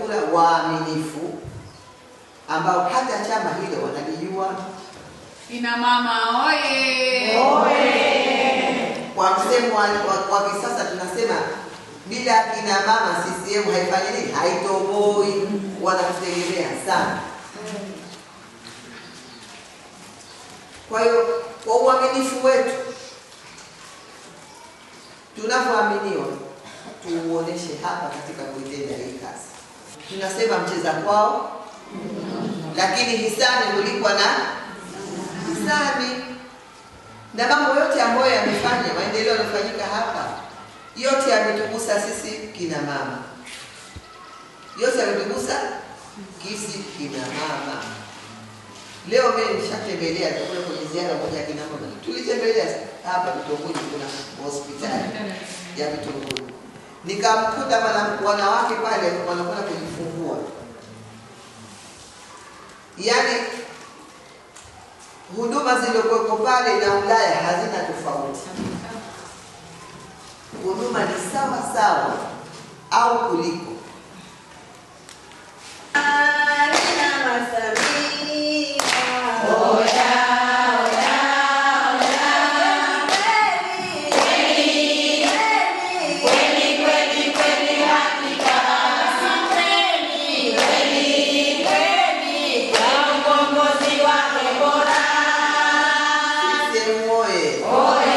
kura waaminifu ambao hata chama hilo wanalijua. Kina mama oye! Oye! Kwa msemo wa kisasa tunasema bila kina mama CCM haifanyi nini? Haitoboi. Wanatutegemea sana. Kwa hiyo kwa uaminifu wetu tunapoaminiwa, tuuoneshe hapa katika kuitenda hii kazi tunasema mcheza kwao, lakini hisani kulikuwa na hisani na mambo yote ambayo yamefanya maendeleo yaliyofanyika hapa, yote yametugusa sisi kina mama, yote yametugusa kisi kina mama. Leo mimi nishatembelea tukule kwenye ziara moja ya kinamama tulitembelea hapa Vitunguni, kuna hospitali ya Vitunguni nikamkuta wanawake pale wanakwenda kujifungua, yaani huduma zilizokuwepo pale na Ulaya hazina tofauti, huduma ni sawa sawa au kuliko